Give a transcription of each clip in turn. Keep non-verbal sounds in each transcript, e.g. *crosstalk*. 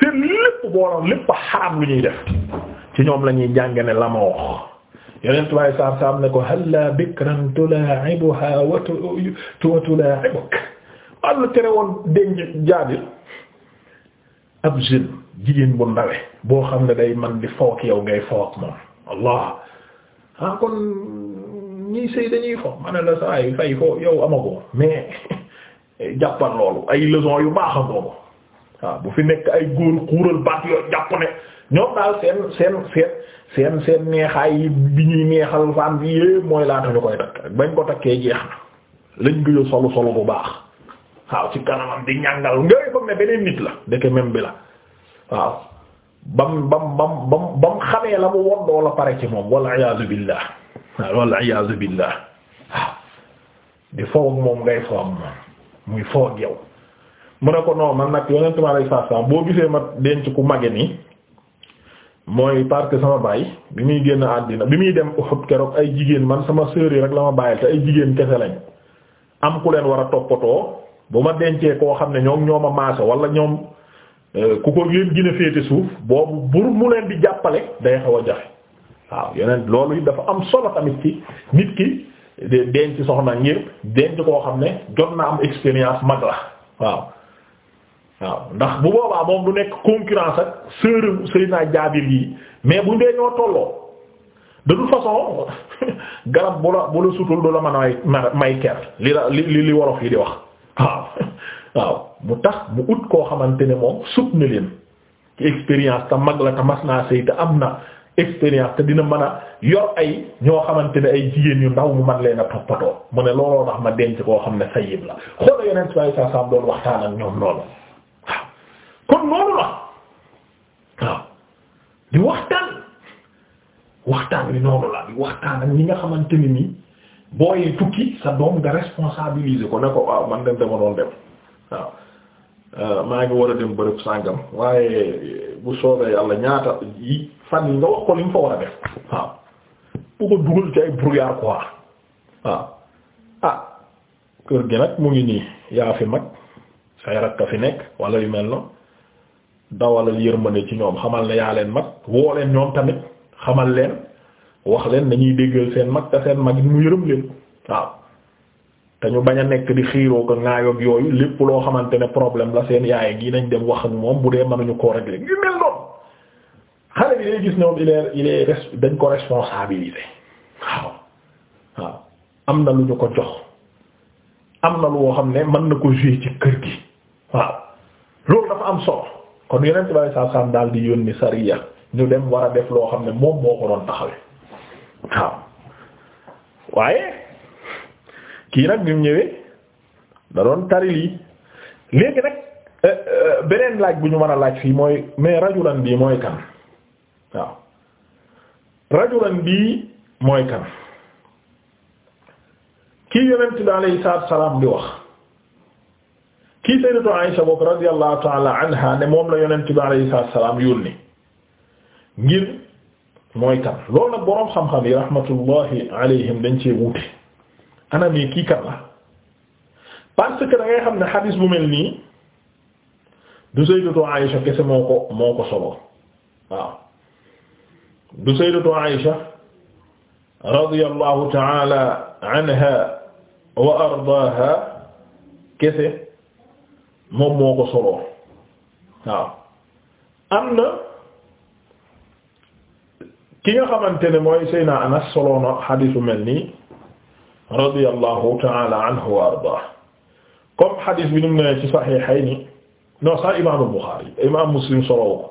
seen lépp booloon lépp xaram lu ñuy def ci ñoom lañuy ñuy jàng ne la ma wax yeneen tubaab yi saaf saaf ne ko halla bikran tulaa'ibuha wa tulaa'ibuk Allah tere woon denc jaabir ab jigéen bu ndawe boo xam ne day man di foog yow ngay foog moom allah ah kon ñiy sëy dañuy foog ma ne la fay foo yow amagoo mais *laughs* jàppal loolu ay leçons yu baax a boobu. waaw bu fi nekk ay góor xuural baat yooyu jàpp ne ñoom daal seen seen seen seen seen neexaay yi bi ñuy neexal faan bi yépp mooy laata ñu koy takk bañ ko takkee jeex na lañ gëjoo solu solu bu baax waaw ci kanamam di ñàngal ngay foog ne beneen nit la ndeke même bi la waaw bam bam bam bam bam xamee la mu wondoo la pare ci moom walla iyaazu billaah walla iyaazu billaah di foog moom ngay foog moom muy foog yow mu ne ko non man nag yonent ma lay saa saa boo gisee ma denc ku mage nii mooy parce sama baay bi muy génn àddina bi muy dem Uhud keroog ay jigéen man sama sœur rek la ma bàyyil te ay jigéen kese lañ am ku leen war a toppatoo bu ma dencee koo xam ne ñoom ñoo ma maase wala ñoom euh, ku ko leen gën a féete suuf boobu bur mu leen di jàppale day xaw a jafe waaw yeneen loolu dafa am solo tamit ci nit ki denc soxna ngir denc koo xam ne jot na am expérience mag la waaw. waaw ndax bu boobaa moom du nekk concurrence ak sœur Seydina Jaabir yi mais bu dee ñoo tolloo de façon *laughs* garab bu la bu la sutul du la mën a may ker li la li li wolof yi di wax waaw *laughs* waaw mu tax mu ut koo xamante ni moom sut na leen ci expérience te mag la te mas naa sëy te am na expérience te dina mën a yor ay ñoo xamante ne ay jigéen yu ndaw mu man leen a toppatoo mu ne looloo tax ma denc koo xam ne sayib la xoola yeneen saa saam doon waxtaan ak ñoom noonu kon noonu la waaw di waxtaan waxtaan bi noonu la di waxtaan ak ñi nga xamante ni nii booy tukki sa doom nga responsabiliser ko ne waaw man dem dama doon dem waaw euh, maa ngi war a dem bërëb sàngam waaye bu soobee yàlla ñaata fan yi nga wax ko li mu fa war a def waaw bu ko ci ay brouillard quoi waaw ah kër gi nag mu ngi nii yaa fi mag say rakk a fi nekk wala yu mel noonu dawalal yërmande ci ñoom xamal na yaa leen mag woo leen ñoom tamit xamal leen wax leen dañuy déggal seen mag te seen mag mu yërëm leen waaw te bañ a nekk di xiiroo ko ŋaayoog yooyu lépp loo xamante ne problème la seen yaay gi nañ dem wax ak moom bu dee mënuñu koo régler ñu mel noonu xale bi day gis ñoom il est il dañ ko responsabilisé waaw waaw am na lu ñu ko jox am na woo xam ne mën na ko jouer ci kër gi waaw loolu dafa am solo. kon yeneen tubaab yi saam daal di yónni sariya ñu dem war a def loo xam ne moom moo ko doon taxawee waaw waaye kii nag bi mu ñëwee da doon tari lii léegi nag euh, euh, beneen laaj bu ñu mën a laaj fii mooy mais rajulan bii mooy kan waaw rajulan bii mooy kan kii yonent bi alayhi salaatu salaam di wax. kii sayyidatu Aisha bokk radiyallahu ta'ala anha ne moom la yonent bi alayhi salaam yónni ngir mooy kan loolu nag boroom xam-xam yi rahmatullahi alayhim dañ cee wuute anam yi kii kan la parce que da ngay xam ne xadiis bu mel nii du sayyidatu Aisha kese moo ko moo ko solo waaw du sayyidatu Aisha radiyallahu ta'ala anha wa ardaaha kese. moom moo ko soloo waaw am na ki nga xamante ne mooy Seyna Anas soloo na xadiisu mel nii radiyallahu ta'ala anhu wa ardaa comme xadiis bi ni mu ne ci Sahihayni non sax imaamu Buxaari imaamu Muslim soloo ko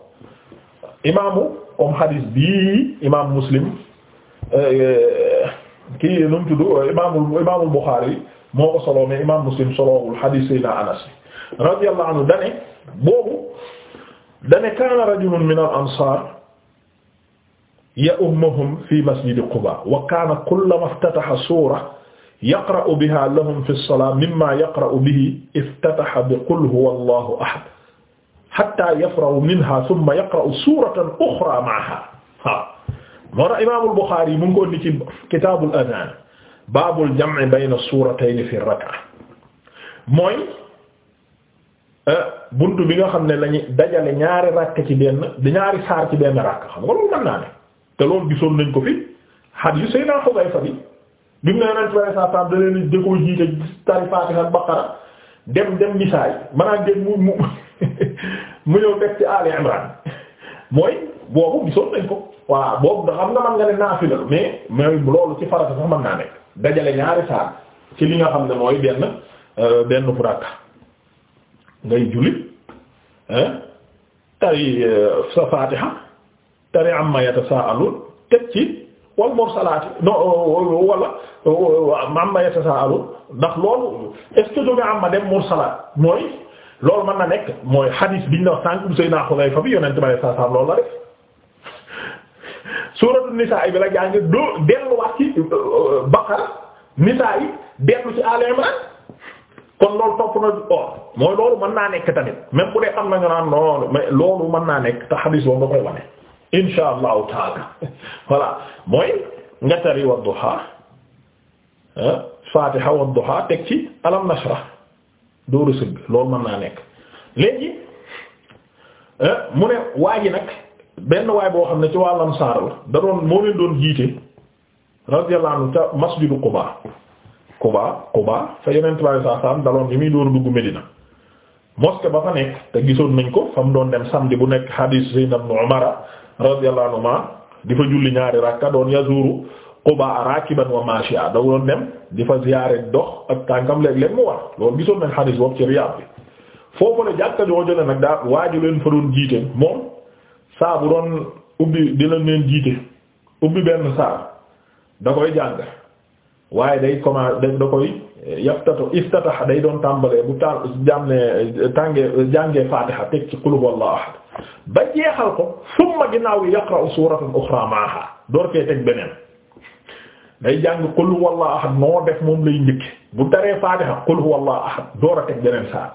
imaamu comme xadiis bii imaamu Muslim eh, kii nu mu tudd imaamul imaamul Buxaari moo ko soloo mais imaamu Muslim soloowul xadiis Seyna Anas radiyallahu anhu dane boobu dane kaana rajulun min al ansaar ya'ummuhum fi masjidi Quba wa kaana kullama iftataha suura yaqra'u biha lahum fi as-salaati mimmaa yaqra'u bihi iftataha bi qul huwa allahu ahad hatta yafrahu minha thumma yaqra'u suuratan uxraa ma'aha waaw moo tax imaamul Buxaari yi mu ngi ko ni ci kitaabul adaan baabul jam'i bayna suuratayni fi raka mooy Euh, bunt bi nga xam ne lañu dajale ñaari ràkk ci benn bi ñaari saar ci benn ràkk xam nga loolu mën naa ne te loolu gisoon nañ ko fi hadiis Seydina Xudayfa bi bi mu ne yonent bi sallallahu alayhi dem dem misaay maanaam dem mu mu *laughs* ci Ali Imran mooy boobu gisoon nañ ko waaw boobu da xam nga mën nga ne naafila mais mais loolu ci farata sax mën naa nekk dajale ñaari saar ci li nga xam ne mooy benn euh, benn bu ràkk ngay jullit tari euh, sa fatiha tari amma yatasaalun teg ci wal mursalaati no wala amma yatasaalun ndax loolu est-ce que jóge amma dem mursalaat mooy loolu mën na nekk mooy hadith biñ la wax sànq bu bi yonent bi saa saa loolu la rek suuratu nisaa bi la jàng doo delluwaat ci euh, Baqara nisaa dellu ci Al Imran kon loolu topp na or mooy loolu mën naa nekk tamit même bu dee am na nga naan non mais loolu mën naa nekk te xadis boobu nga koy wane insha allahu taala *laughs* mooy nga tari wa duha fatiha wa duha teg ci alam nashrah dooru sëgg loolu mën naa nekk léegi mu ne waa ji nag benn waay boo xam ne ci wàllam saar la da doon moo leen doon jiite radiyallahu ca masjidu Quba Kuba Kuba fa Yonent bi saa saam daloon bi muy door dugg Medina mosquée ba fa nekk te gisoon nañ ko fa mu doon dem samedi bu nekk hadith Seydina Ibn Umar radiyallahu anhuma di fa julli ñaari rakka doon yazuru Quba rakiban wa mashi'a da doon dem di fa ziyaare dox ak tànkam léeg-léeg mu war loolu gisoon nañ hadith boobu ci Riyad bi foofu la jàkka joo jëlee nag daa waaju leen fa doon jiite moom saa bu doon ubbi di leen leen jiite ubbi benn saa da koy jàng. waaye day commencé da koy yaftatu iftatax day doon tàmbalee bu ta jàmle tàngee jàngee fatiha teg ci qul huwallahu ahad ba jeexal ko summa ginnaaw yi yaqra'u suratan uxra maaha door koy teg beneen day jàng qul huwallahu ahad noo def moom lay njëkk bu taree fatiha qul huwallahu ahad door a teg beneen saa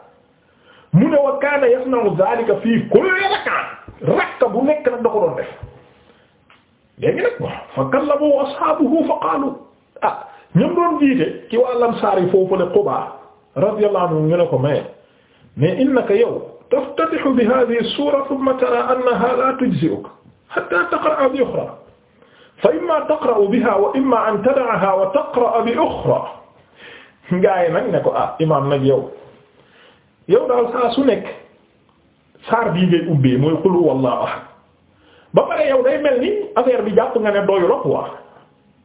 mu ne wa kaana yasna'u zalika fii kulli rak'a rakka bu nekk nag da ko doon def léegi nag fa kallamu ashaabuhu fa qaalu ah ñoom doon jiite ci wàllam saar yi foofu le Quba radiyallahu anhu ñu ne ko maye mais innaka yow taftatihu bi hadhihi sura thumma tara annaha la tujzi'uk hatta taqra'a bi ukhra fa imma taqra'u biha wa imma an tad'aha wa taqra'a bi ukhra ngaa yi nag ne ko ah imaam saa su saar bii ngay mooy qul huwallahu ahad ba pare yow day mel ni affaire bi jàpp nga ne doyul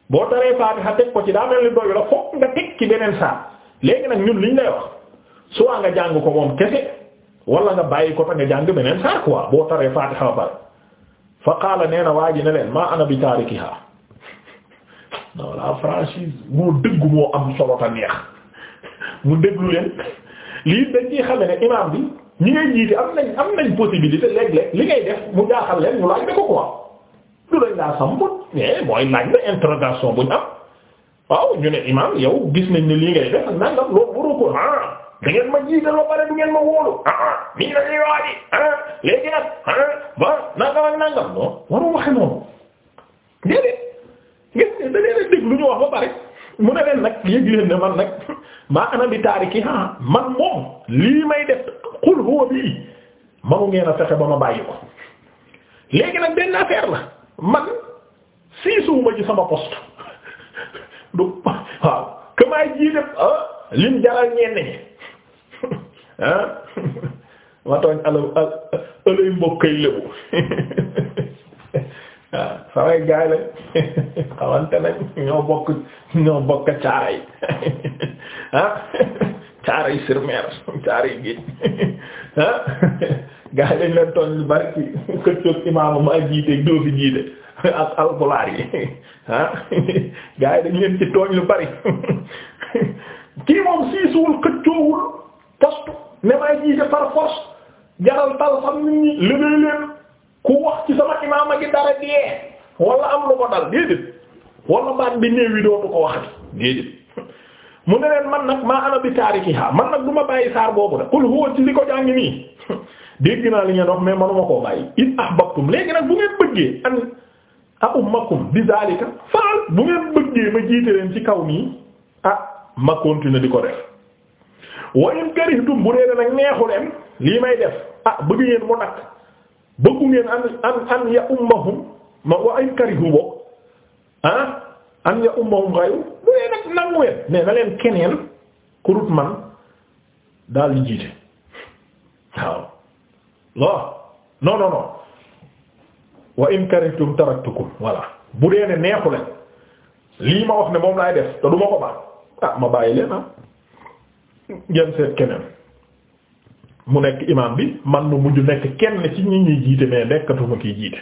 boo taree Faatiha teg ko ci daa mel ni la fokk nga teg ci beneen saar léegi nag ñun liñ lay wax soit nga jàng ko moom kese wala nga bàyyi ko ta nga jàng beneen saar quoi boo taree Faatiha ba pare fa qaala nee na waa ji ne leen maa ana bi taarikiha voilà franchise moo dëggu moo am solo ta neex mu déglu leen lii dañ ciy xame ne imaam bi ñi ngay jiite am nañ am nañ possibilité léeg li ngay def mu jaaxal leen mu laaj ne ko quoi du lañ laa eh, bu ñu am yow gis nañ ne lii ngay def ak nangam ah, ngeen ma jiite loo pare du ngeen ma ah, ah, léegi nag ah bon ak nangam non waroo waxe noonu ngeen ba pare mu ne nag yëg leen ne man nag maa ana taariki man moom lii may def xul huwa bii manu ngeen a fexe ba ma bàyyi ko léegi nag benn affaire la. man siisuwuma ci sama poste *laughs* du waaw que maay jiite ah lim jaral ñenn ñi *laughs* ah *laughs* ma tooñ alaw alay mbokkay lébu waaw ah, samay gaay la xamante nañ ñoo bokk ñoo bokk caara yi ah caaray sur mer *laughs* caaray géej ah *laughs* *laughs* gars yi dañ leen tooñ lu bari ci këccoog imaamu maa jiite doo fi jiite ak alpulaar yi ah gars yi dañ leen ci tooñ lu bari kii moom siisuwul këccoowul poste ne maa jiite par force jaral tal xam nit ñi lëgéey ku wax ci sama imaama gi dara dee wala am lu ko dal déedéet wala baat bi néew yi dootu ko waxati déedéet mu ne leen man nag maa ana bi taarikiha man nag du ma bàyyi saar boobu de qul huwa ci li ko jàngi nii *laughs* dégg naa li ngeen wax mais manuma koo bàyyi in ahbabtum léegi nag bu ngeen bëggee an a ummakum bi zalika faal bu ngeen bëggee ma jiite leen ci kaw nii ah ma continuer di ko def wa in karihtum bu dee nag neexu leen lii may def ah bëgg ngeen mu nag bëggu ngeen an an an ya ummahum ma wa in karihu boobu ah an ya ummahum ghayru bu dee nag nangu leen mais na leen keneen ku man daal di jiite waaw lool non non wa in karihtum taraktukum voilà bu dee ne neexu leen lii ma wax ne moom laay def te du ma ko baax ah ma bàyyi leen ah ngeen seet keneen mu nekk imaam bi man mu mujj nekk kenn ci ñi ñuy jiite mais nekkatuma kiy jiite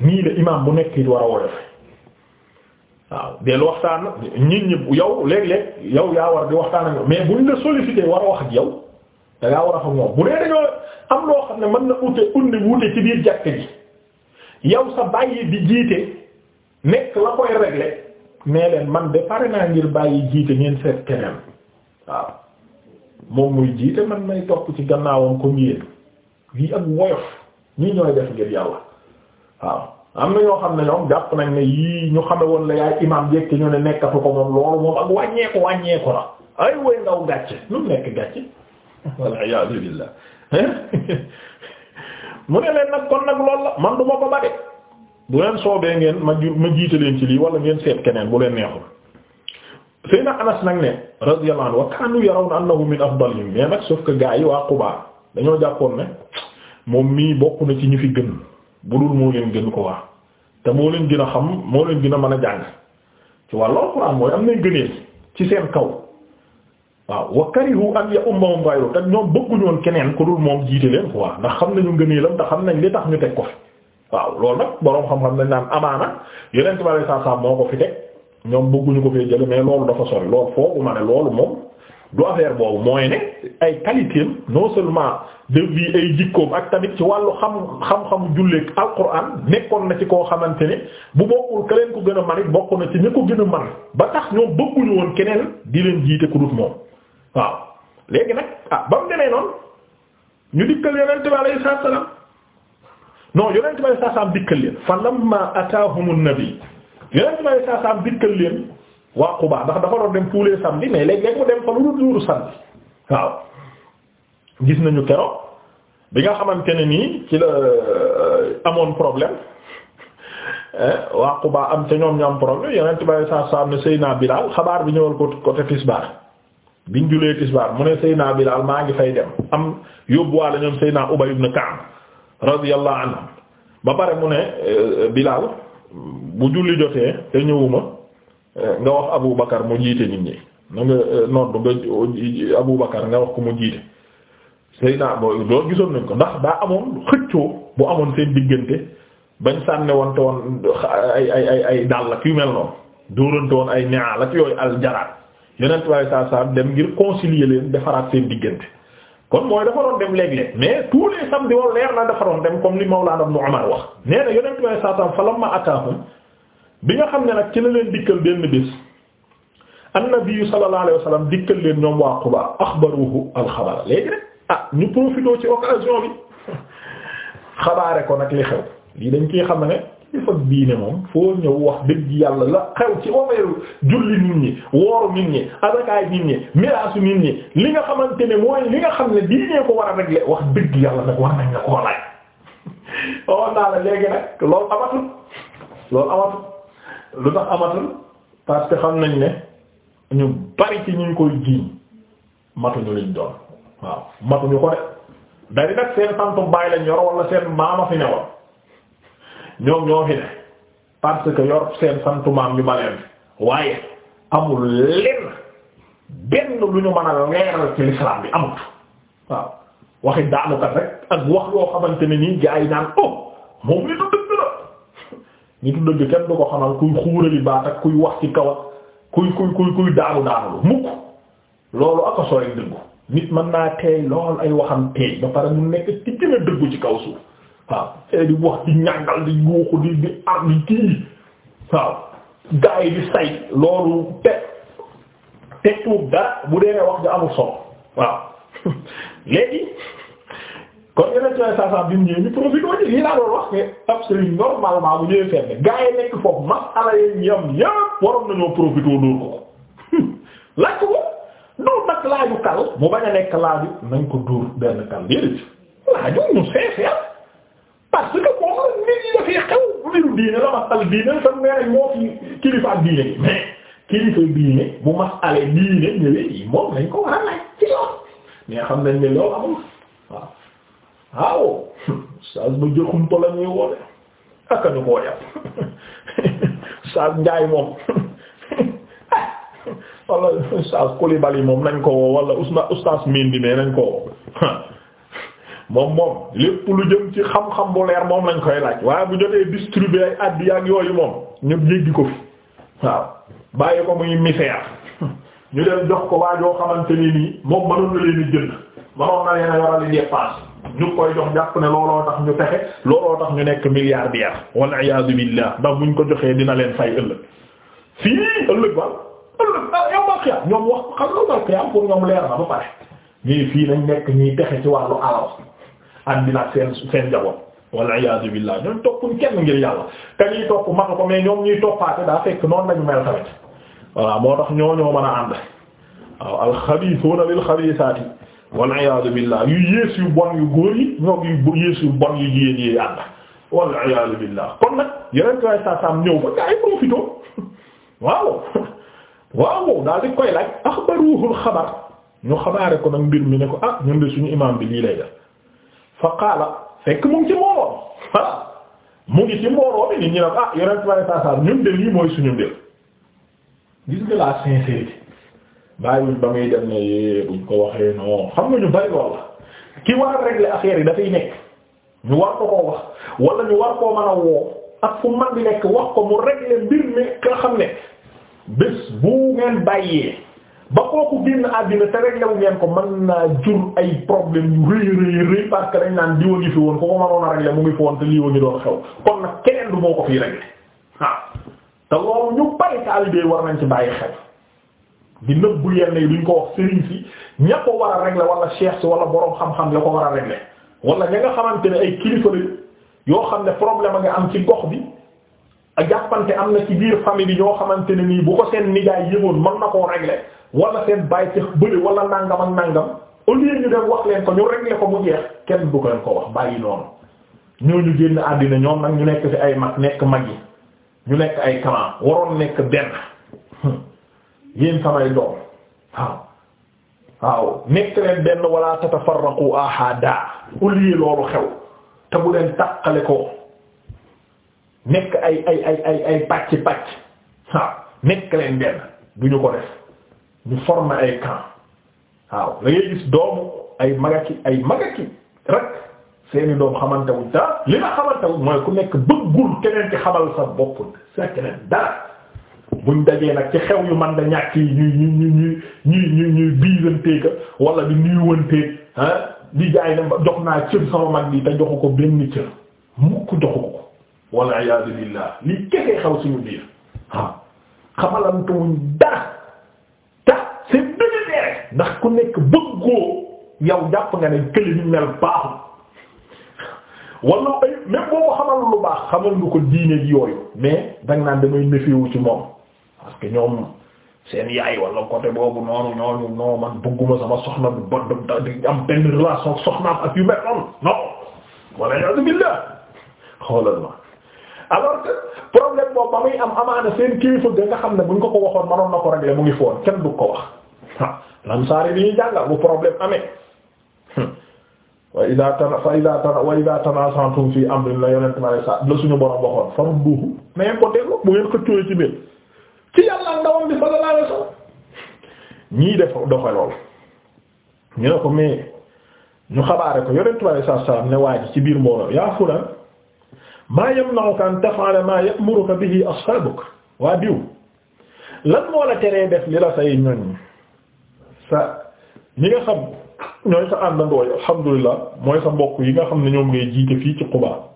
nii la imaam bu nekk it war a waaw del waxtaan nit ñi yow léeg-léeg yow yaa war di waxtaan ak mais buñ la sollicité war wax ak yow da war a xam moom bu dee am loo xam ne mën na ute undi ci biir jàkk ji yow di jiite nekk la leen man de naa ngir bàyyi jiite ngeen seet keneen waaw moom may topp ci gannaawam ko yéen lii ak woyof ñi ñooy def ngir yàlla waaw am na ñoo xam ne ñoom jàpp nañ ne yii ñu xame woon la yaay imam yekk ñu ne nekkatu ko moom loolu moom ak wàññeeku wàññeeku la ay woy ngaw gàcce lu nekk gàcce *laughs* mu ne leen nag kon nag loolu la man du ma ko ba de bu leen soobee ngeen ma ma jiite leen ci lii wala ngeen seet keneen bu leen neexul Seyna Anas nag ne radiyallahu anhu wa kaanu yarawna annahu min afdalihim mais nag sauf que gaa yi waa Quba dañoo jàppoon ne moom mii bokk na ci ñu fi gën bu dul moo leen gën ko waa te moo leen gën a xam moo leen gën a mën a jàng ci wàllu alxuraan mooy am nay gëneel ci seen kaw waaw wa karihu an ya'ummahum ghayru te ñoom bëgguñu woon keneen ku dul moom jiite leen ko waaw ndax xam nañu ngëneelam te xam nañ li tax ñu teg ko fi waaw loolu nag boroom xam-xam dañ naan amaana yeneen tubaab yi saa saa moo ko fi teg ñoom bëgguñu ko fee jële mais loolu dafa sori loolu foogu ma ne loolu moom du affaire boobu mooy ne ay qualité non seulement de vie ay jikkoom ak tamit ci wàllu xam xam-xamu julleek alquran nekkoon na ci koo xamante ne bu bokkul ka leen ko gën a man it bokk na ci ñi ko gën a man ba tax ñoom bëgguñu woon keneen di leen jiite ku dut moom waaw léegi nag ah ba mu demee noonu ñu dikkal yonent bi alayhi salaam non yonent bi alayhi salaam dikkal leen fa lamma ataahum an-nabi yonent bi alayhi salaam dikkal leen waa Quba ndax dafa doon dem tous les mais léeg mu dem fa lu dul luuru samedi waaw gis nañu keroog bi nga xamante ne nii ci la euh, amoon problème waa Quba am te ñoom ñu am problème yonent bàyyi saa saa am ne Seyna Bilal xabaar bi ñëwal ko côté Tisbar biñ julee Tisbar mu ne Seyna Bilal maa ngi fay dem am yóbbuwaale sëy naa Ubay ibn Ka'b radiyallahu anhu ba pare mu ne euh, Bilal bu julli jotee te ñëwuma. nga wax Abu Bakar mu jiite nit ñi na nga euh, nodd nga euh, Abu Bakar nga wax ko mu jiite Seydina booy loolu gisoon nañ ko ndax daa amoon xëccoo bu amoon seen diggante bañ sànne wante woon ay ay ay ay dàll ak yu mel noonu dóorante woon ay neexal ak yooyu aljaraat yeneen tubaab saa saa dem ngir concilier leen defaraat seen diggante. kon mooy dafa doon dem léeg-léeg mais tous les samedi wala leer na dafa doon dem comme li Mawlana Ibn Umar wax nee na yeneen saa saa bi nga xam ne nag ci la leen dikkal benn bés annabi sallallahu alayhi wa sallam dikkal leen ñoom waa Quba axbaruhu alxabara léegi rek ah ñu profité ci occasion bi xabaare ko nag li xew lii dañ koy xam ne li fa diine moom foo ñëw wax dëgg yàlla la xew ci wameeru julli nit ñi wooru nit ñi azakaay nit ñi miraasu nit ñi li nga xamante ne mooy li nga xam ne diine ko war a régler wax dëgg yàlla nag war nañ la koo laaj. *laughs* waxoon naa la léegi nag loolu amatul. lu tax amatul parce que xam nañ ne ñu bari ci ñu koy jiiñ matuñu liñ doon waaw matuñu ko dari nag seen santu baay lañ yor wala seen maama fi ne woon ñoom ñoo fi parce que yor seen santu maam ñu baleen waaye amul lenn benn lu ñu mën a leeral ci l'islam bi amut waaw waxi daanukat rek ak wax yoo xamante ne nii gaa naan oh moom li nitu dëgg kenn du ko xamal kuy xuurali baat ak kuy wax ci kaw ak kuy kuy kuy kuy daanu daanu mukk loolu ak a sori dëggu nit mën naa teey lool ay waxam teey ba pare mu nekk ci gën dëggu ci kaw suuf waaw tey di wax di ñàngal di yuuxu di di ar di kii waaw gaa yi di say loolu te te tuub dara bu dee wax nga amul solo waaw *laughs* léegi kon yeneen ci ay saasaam bi mu ñu profité ci lii laa doon wax ne ab sëriñ normalement bu ñëwee fenn gaa yi nekk foofu masala yi yam yëpp waroon nañoo profité loolu ko *laughs* laaj ko doon nag laaju kal mu bañ a nekk laaju nañ ko dóor benn kal déedéet laaju ñu seeseel parce que moom nit ñi dafay xew mbiru diine la masal diine te nee moo fi kilifa diine bi mais kilifa diine bu masale diine ñëwee moom lañ ko war a laaj ci yoon mais xam nañ ne loolu amul waaw. waaw saag ba jëxumpa la ñuy woole aka ñu koo yàpp saag njaay moom wala ustaas Kulibali moom nañ ko woo wala usta ustaas Mindi mais nañ ko woo moom moom lépp lu jëm ci xam-xam bu leer moom lañ koy laaj waaye bu jotee distribuer ay addi ak yooyu moom ñëpp jéggi ko fi waaw bàyyi ko muy misère ñu dem jox ko waa joo xamante ni nii moom mënoon leen a jënd mënoon na leen a yoral dépense ñu ngi koy jox jàpp ne looloo tax ñu fexe looloo tax ñu nekk milliardaire wal iyaadu billah ndax buñ ko joxee dina leen fay ëllëg fii ëllëg ba ëllëg ah yow ma xiyam ñoom wax xam nga ma xiyam ñoom leer na ba pare ñii fii nañ nekk ñuy texe ci wàllu alal àndi nag seen seen njaboot wal iyaadu billah ñoom toppuñ kenn ngir yàlla te ñuy topp maka ko mais ñoom ñuy toppaate daa fekk noonu lañu mel tamit moo tax ñoo ñoo mën a ànd waaw alxabiisuuna lilxabiisaati wal iyaadu billah yu yées yu bon yu góor yi ñoom yu yées yu bon yu jigéen yi ànd wal iyaadu billah kon nag yeneen tuwaay saa saam ñëw ba gaa yi profité *laughs* waaw *laughs* waaw daal di koy laaj axbaruhul xabar ñu xabaare ko nag mbir mi ne ko ah ñun de suñu imaam bi lii lay def fa qaala fekk mu ngi ci mbooloo voilà mu ngi ci mbooloo bi nit ñi ne ah yeneen tuwaay saa saam ñun de lii mooy suñu mbir gis nga la sincérité. bàyyiwuñ ba muy dem ne buñ ko waxee non xam na ñu bari lool ki war a régler affaire yi dafay nekk ñu war ko koo wax wala ñu war koo mën a woo ak fu man di nekk wax ko mu régler mbir mi nga xam ne bés bu ngeen bàyyee ba kooku génn àddina te régler wu ngeen ko mën naa jur ay problème yu rëy rëy rëy parce que dañ naan diwa ngi fi woon ku ko mënoon a régler mu ngi fi woon te lii wa ngi doon xew kon nag keneen du moo ko fii régler waaw te loolu ñu war nañ ci bàyyi xel. di nëbbu yenn yi duñ ko wax sëriñ si ña ko war a régler wala cheikh si wala borom xam-xam la ko war a régler wala ña nga xamante ne ay kilifa la yoo xam ne problème a nga am ci gox bi a jàppante am na ci biir famille bi ñoo xamante ne nii bu ko seen nijaay yëgoon mën na koo régler wala seen bàyyi tax bëri wala nangam ak nangam au ñu dem wax leen ko ñu régler ko mu jeex kenn du ko leen ko wax bàyyi noonu ñooñu génn àddina ñoom nag ñu nekk ci ay mag nekk mag yi ñu nekk ay kaman waroon nekk benn. yéen samay doom waaw waaw nekk leen benn wala tatafarraqu ahada ulii loolu xew te bu leen tàqale ko nekk ay ay ay ay ay pàcc pàcc waaw nekk leen benn du ko def ñu former ay camp waaw da ngay gis doomu ay magaki ay magaki rek seeni doom xamante dara li nga xamante mooy ku nekk bëggul keneen ci xamal sa bopp sa keneen dara buñ dajee nag ci xew yu man da ñàkk yi ñuy ñuy ñuy ñuy ñuy ñuy biisanteeka wala di nuyuwanteeg ah di jaay ne jox naa cër sama mag bi te joxu ko benn cër mukk joxu ko wala iyaadu billah li kese xaw suñu biir waaw xamalantuwuñ dara ta c'est délibéré ndax ku nekk bëggoo yow jàpp nga ne këli ñu mel baaxul wala ay même ko xamal lu baax xamal nga ko diine yooyu mais danga naan damay méféewu ci moom parce que ñoom seen yaay wala côté boobu noonu ñooñu non man bëgguma sama soxna bu bon di am benn relation soxnaam ak yu mel noonu non wala yaa billah ma alors que problème boobu muy am amaana seen kilifa ga xam ne buñ ko ko waxoon manoon na ko régler mu ngi foon kenn du ko wax ah lamsaari bi bu problème amee. Hmm. wa idaa tana fa fi amrin la yonent sa la suñu borom waxoon farum buuxu na ngeen ko déglu bu ngeen ko cooy ci biir. ci yàlla ndawam bi sallallahu alayhi wasallam ñii def doxe lool ñu ne ko mais ñu xabaare ko yonentu sallallahu alayhi wasallam ne waa ci biir mbooloo yaa fulaan maa yamna'uka an taf'ala maa ya'muruka bihi ashaabuk waa diw lan moo la teree def li la say ñoñ sa ñi nga xam ñooy sa àndandoo alhamdulillah mooy sa mbokk yi nga xam ne ñoom ngay jiite fii ci Quba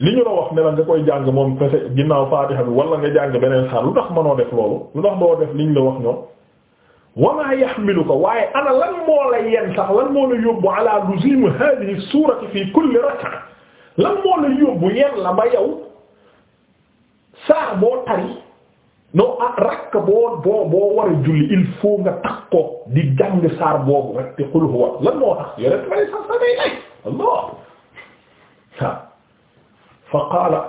li ñu la wax ne la nga koy jàng moom fexe ginnaaw faatiha bi wala nga jàng beneen saar lu tax mënoo def loolu lu tax doo def li ñu la wax ñoom wamaa yaxmiluka waaye ana lan moo la yen sax lan moo la yóbbu ala luzim moo la yóbbu yen la ba yow saar boo tari non ah rakk boo boo boo war a julli il faut nga takkoo di jàng saar boobu rek te qul huwa lan moo tax yore lay sax sa day ay Allah fa qaala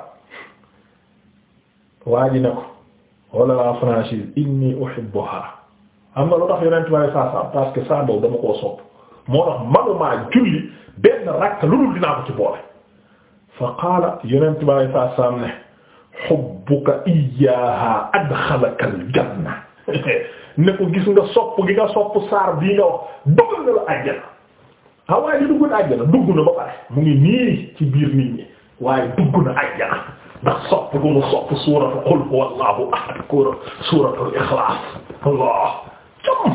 waa ji ne ko wala la franchise inni uhibbuha am na lu tax yonent bari saa saa parce que saa boobu dama koo sopp moo tax manumaa julli benn rakk lu dul dinaa ko ci boole fa qaala yonent bari saa saa ne hubbuka iyyaha adxalaka aljanna *laughs* ne ko gis nga sopp gi nga sopp saar bii nga wax duggal na la àjjana xawaay li dugg na àjjana dugg na ba pare mu ngi nii ci biir nit ñi waaye dugg na àjjana ndax sopp gu mu sopp suuratu qul huwallahu ahad kóora suuratul ixlaas Allah com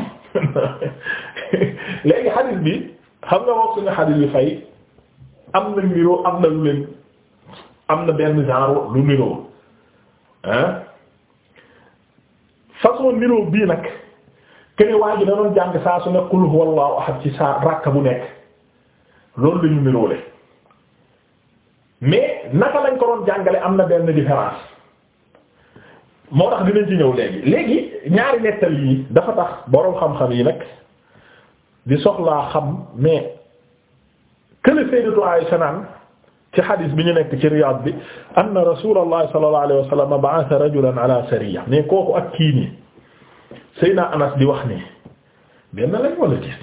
*laughs* léegi xadis bi xam nga moom suñu xadis bi fay am na niroo am am na benn genre lu niroo ah façon niroo bii nag kene waa ji da doon jàng saa su ne qul huwallahu ahad ci saa rakk bu nekk loolu la ñu niroole mais naka lañ ko doon jàngale am na benn différence moo tax dinañ ci ñëw léegi léegi ñaari nettal yi dafa tax boroom xam-xam yi nag di soxlaa xam mais kële Sayyidatu Aisha naan ci xadis bi ñu nekk ci Riyad bi anna Rasulullah sallallahu alayhi wa sallam ba'atha rajulan ala sariya mais kooku ak kii nii Sayyidina Anas di wax nii benn lañ wala gis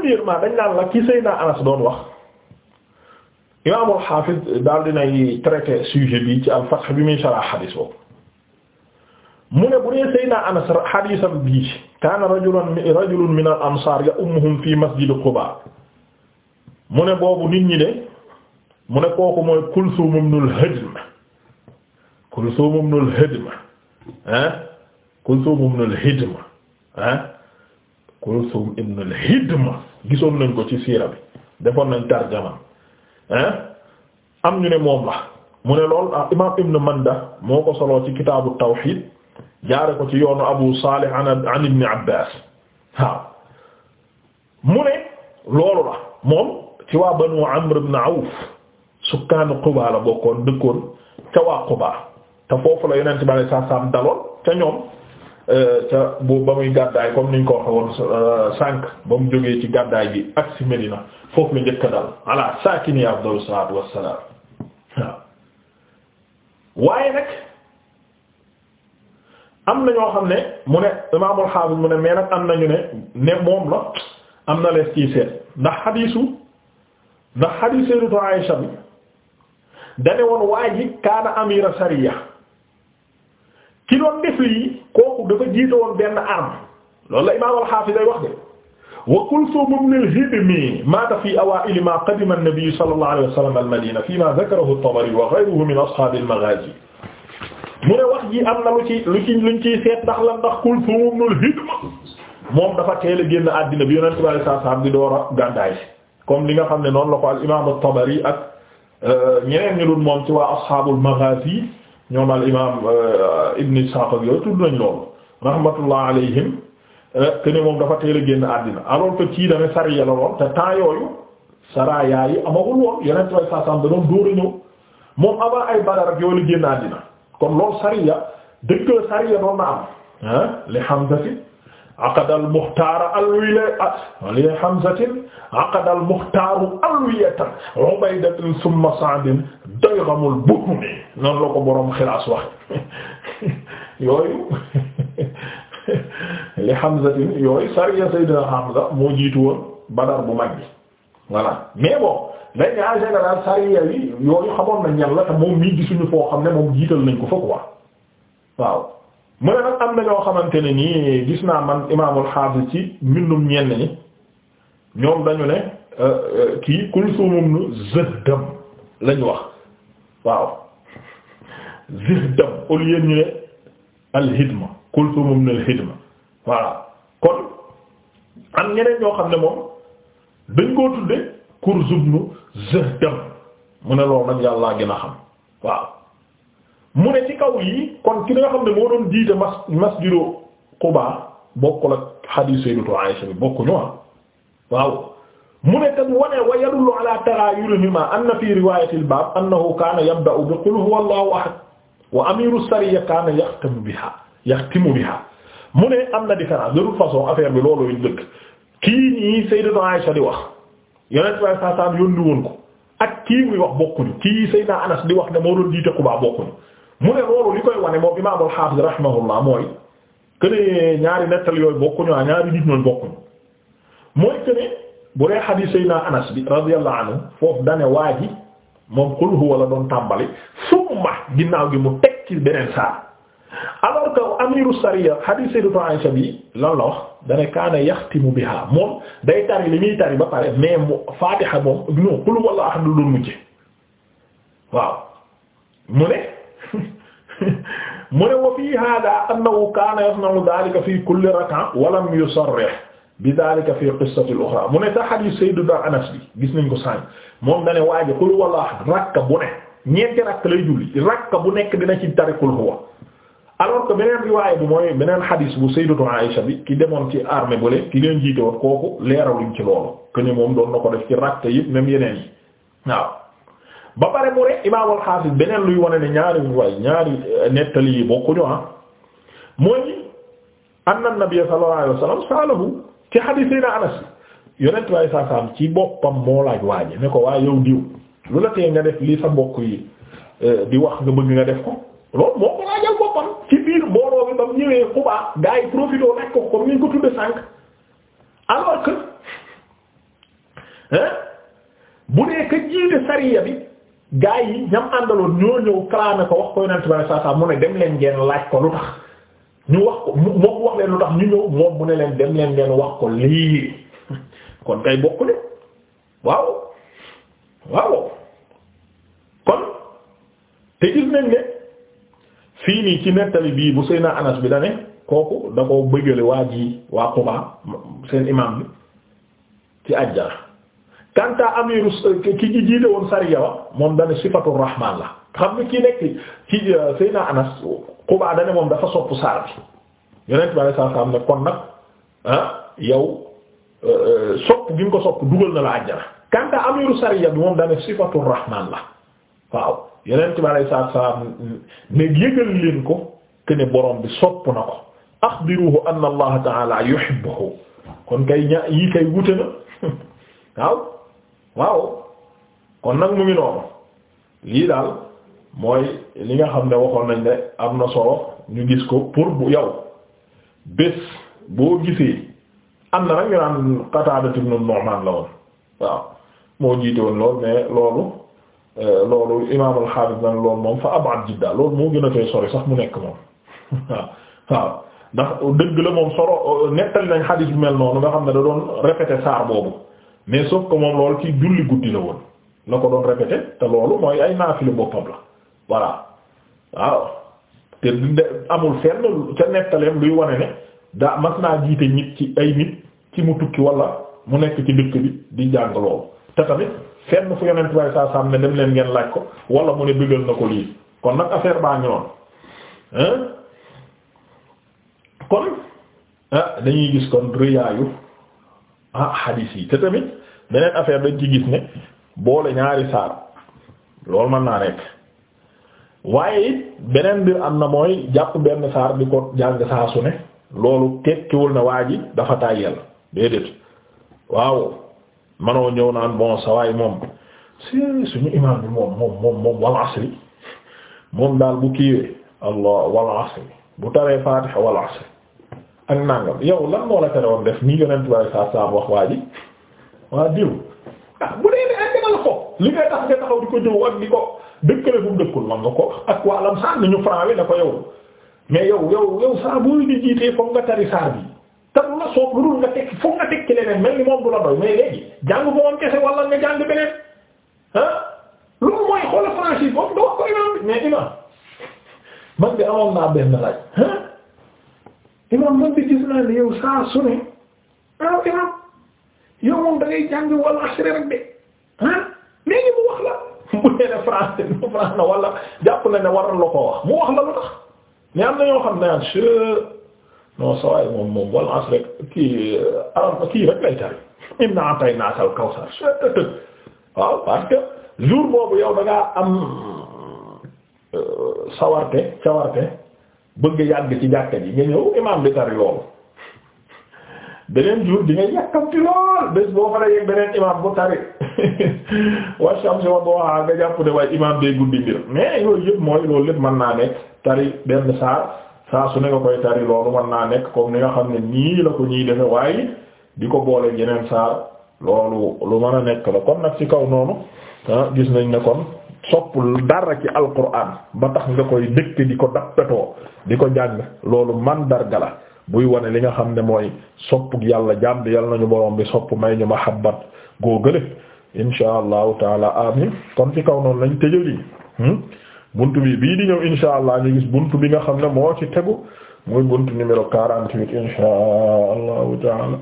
premièrement dañ naan la ki Seydina Anas doon wax imaamul xaafis daal dinay traité sujet bi ci al-Fath bi muy sharh xadiis boobu mu ne bu dee Seydina Anas xadiisam bii kaana rajulun min al-ansaar ya'ummuhum fi masjid Quba mu boobu nit ñi de kooku mooy Kulsum ibnul Hidm Kulsum ibnul Hidm ah Kulsum ibnul Hidm ah Kulsum ibn al-Hidma gisoo nañ ko ci siira bi defoon nañ tarjama ah am ñu ne moom la mu ne lool ah imaam Ibn Manda moo ko soloo ci kitaabu tawhid jaare ko ci yoonu Abu Salih an an Ibn Abbas waaw mu ne loolu la moom ci waa Banu Amr ibn Awf sukkaanu Quba la bokkoon dëkkoon ca waa Quba te foofu la Yonent bi sallallahu alayhi wasallam daloon ca ñoom. ca euh, bu ba muy gàddaay comme niñ ko waxe woon euh, sànq ba mu jógee ci gàddaay bi ak ci Medina foofu njëkk njëkka dal voilà saakini afdalu salaatu wassalaam waaye nag am na ñoo xam ne mu ne imaamul xaafis mu ne mais nag am nañu ne ne moom la am na lees ciy seet ndax xadiisu ndax xadiis Sayyidatu Aysa bi dane woon waa ji kaana amira sariya ki def lii kooku dafa jiite woon benn arme loolu la imaam al-Hafiz day wax de wa Kulthum ibn al-Hidmi maata fi awaa'il ma qadima an-nabi sallallahu alayhi wa sallam al-Madina fima dhakarahu at-Tabari wa ghayruhu min ashab al-maghazi mu ne wax ji am na lu ci lu ci luñ ciy seet ndax la ndax Kulthum ibn al-Hidmi moom dafa teel a génn àddina bi Yonent bi sallallahu alayhi wa sallam di door a gàddaay comme li nga xam ne noonu la ko al-imaam at-Tabari ak euh, ñeneen ñu dul moom ci waa ashabul maghazi ñoom al imaam euh, Ibn Ishaq ak yooyu tudd nañ loolu rahmatullah alayhim euh, que moom dafa teel a génn àddina alors que kii dana sariya la lool te temps yooyu saraayaa yi amagul woon yeneen trois cent cent danoon dóor a ñëw moom avant ay Badar ak yooyu la génn àddina kon loolu sariya dëgg sariya doon na am li xam si aqada al muxtaar alwila hamzatin aqada al muxtaaru alwiyatan ubaydatin summa sa'din dayramul buhmi noonu la ko boroom xilaas wax yooyu li hamzatin yooyu sariya sayyidina hamza moo jiitu woon badar bu mag bi voilà mais bon dañ ne en général sariya yi yooyu xamoon na ñan la te moom mii gisuñu foo xam ne moom jiital nañ ko fa quoi waaw mu ne nag am na ñoo xamante ne nii gis naa man imaamul xaafis ci mbindum ñenn ñi ñoom dañu ne euh, euh, kii Kulsumum nu Zahdam lañ wax waaw Zahdam au lieu ñu ne al-Hidma Kulsumum nu al kon am ñeneen ñoo xam ne moom dañ koo tudde Kurzum nu Zahdam mu ne loolu nag yàllaa gën a xam waaw mu ne ci kaw yi kon ki nga xam ne moo doon jiite mas masjidu Quba bokkul ak hadith Sayyidatu Aisha bi bokkuñu ah waaw mu ne tam wane wa yadullu ala taghaayurihima anna fi riwaayati al-baab annahu kaana yabda'u bi qul huwa Allahu ahad wa amiru sariya kaana yaxtimu biha yaxtimu biha mu ne am na différence de toute façon affaire bi loolu yu dëkk kii nii Sayyidatu Aisha di wax Yonent bi saa saa yónni woon ko ak kii muy wax bokkuñu kii Sayyidina Anas di wax ne moo doon jiite Quba bokkuñu. mu ne loolu li koy wane moom imaam al-Hafiz rahimahullah mooy que ñaari nettal yooyu bokkuñu ah ñaari nit ñoom mooy que ne bu Anas bi radiyallahu anhu foofu waa moom qul huwa la doon tàmbali summa ginnaaw gi mu teg ci beneen saar alors que amiru sariya xadiis Sayyidatu Aisha bi lan la wax dane kaana yaxtimu biha moom day tari li muy tari ba pare mais mu Faatiha moom non qul huwa la ahad mujje waaw mu mu ne wa fii hada annahu kaana yasna'u dhalika fi kulli rak'a wa lam yusarrih bi dhalika fi qissati al-ukhra mu ne ta hadith sayyidina Anas bi gis nañ ko sànq moom da ne waa ji qul wallaahi bu ne ñeenti rakka lay julli rakka bu nekk dina ci tarikul huwa alors bi beneen riwaay bi mooy beneen hadith bu sayyidatu Aisha bi ki demoon ci armée bu leen ki leen jiite woon kooku leeraluñ ci loolu que ne moom doon na ko def ci rakka yëpp même yeneen yi waaw. ba pare mu rek imaam al beneen luy wane ne ñaari waay ñaari euh, nettali yi bokkuñu ah mooy anna an-nabiy sallallahu alayhi wasallam saalahu ci hadithina Anas yonent waaye saa ci boppam moo laaj waaje ne ko waaye yow diw lu la tee nga def lii sa bokk yi euh, di wax nga bëgg nga def ko loolu moo ko laajal boppam ci biir mbooloo bi ba mu ñëwee Xubaa gaa yi nekk ko comme ni ko tudde sànq alors que bu dee ka jiite sariya bi. gaa yi ñam àndaloon ñoo ñëw kalaame ko wax ko yonent bi saa saa mu ne dem leen ngeen laaj ko lu tax ñu wax ko moom wax leen lu tax ñu ñëw moom mu ne leen dem leen ngeen wax ko lii kon kay bokk de waaw waaw kon te gis nañ ne fii nii ci nettali bii bu sëy naa anas bi da ne kooku da ko bëggale waa ji waa Quba seen imam bi ci àjjana kanta amiru ki ji sariya wa moom dana sifatu rahman la xam nga ki nekk ci euh, Seyna Anas Quba dane moom dafa sopp saar bi yonent bi alayhi salaam ne kon nag ah euh, euh, sopp gi ko sopp dugal na la àjjana kanta amiru sariya bi moom dane sifatu rahman la waaw yonent bi alayhi salaam ne yëgal leen ko que ne bi sopp na ko axbiruhu anna Allah ta'ala yuhibbuhu kon kay ña kay wute na *laughs* waaw kon nag mu ngi noonu lii daal mooy li nga xam ne waxoon nañ ne am na solo ñu gis ko pour bu yow bés boo gisee am na nag ñu naan Qataada ibn Nu'man la woon waaw moo jiite woon lool mais loolu euh, loolu imaam al na loolu moom fa abad jidda loolu moo gën a koy sori sax mu nekk moom waaw *laughs* waaw ndax dëgg la moom solo euh, nettali nañ xadiis bu mel noonu nga xam ne da doon répéter saar boobu mais sauf que moom loolu ci julli guddi la woon la ko doon répété te loolu mooy ay naafilu boppam la voilà waaw te amul fenn ca nettaleem luy wane ne daa mas naa jiite nit ci ay nit ci mu tukki wala mu nekk ci dëkk bi di jàng loolu te tamit fenn fu yonent waaye saa saam ne dem leen ngeen laaj ko wala mu ne bëggal na ko lii kon nag affaire baa ngi noonu kon ah dañuy gis kon rëyaayu ah xadiis yi te tamit beneen affaire dañ ci gis ne boole ñaari saar loolu mën naa nekk waaye it beneen mbir am na mooy jàpp benn saar di ko jàng saa ne loolu tekkiwul na waa ji dafa tàyyel déedéet waaw manoo ñëw naan bon sawaay moom si suñu imaam bi moom moom moom moom wal moom daal bu kiiwee allah wal bu taree faatiha wal asri ak nangam yow laa moo la tere woon def nii yonent bi sallallahu alayhi wax waa ji waa diw ah bu dee ne demal ko li ngay tax nga taxaw di ko jëw ak di ko dëkkale bu dëkkul man nga ko ak waalam sax ni ñu franc wi ko yow mais yow yow yow saa booy di jiitee foog nga tari saar bi te du la soob lu dul nga tekki foog nga tekki leneen mel ni moom du la doy mais léegi jàng moom kese wala nga jàng beneen ah loolu mooy xoola franchise boobu doo ko imaam man de amoon naa benn laaj ah imaam man de gis naa ne saa su ne ah imaam yow moom da jàng wala assuré rek de ah léegi mu wax la bu *laughs* nee ne français bu na wala jàpp na ne waral la ko wax mu wax la lu tax mais am na ñoo xam ne je non saa moom moom wala assuré kii euh, arab kii rek lay tari. inna ataynaaka al kawsar waaw parce jour boobu yow da am euh, sawarte sawarte bëgg yàgg ci jàkka ji nga ñëw imaam bi tari loolu. beneen jour di nga yàkkamti lool bés boo fa la yegg beneen imam bu tari *laughs* wa shamsi wa duha nga jàpp ne waaye imam day guddi mbir mais yooyu yëpp mooy loolu lépp mën naa nekk tari benn saar saa su ne nga koy tari loolu mën naa nekk comme ni nga xam ne nii la ko ñuy defe waaye di ko boole yeneen saar loolu lu mën a nekk la kon nag ci kaw noonu ah, gis nañ ne kon soppul dara ci alquran ba tax nga koy dëkk di ko dappetoo di ko jàng loolu man darga la muy wane li nga xam ne mooy soppu yàlla jaam bi yàlla nañu borom bi sopp may ñu mahabbat góogale insha allahu taala amin kon ci kaw noonu lañ tëjali hmm? buntu bi bii di ñëw insha allah ñu gis buntu bi nga xam ne moo ci tegu muy buntu numéro 48 insha allahu taala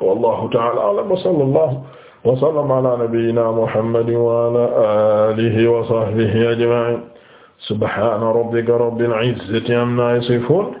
wallahu taala alam wa sallallahu wa sallama ala nabiyyina muhammadin wa ala alihi wa sahbihi ajma'in subhana rabbika rabbil izzati amma yasifun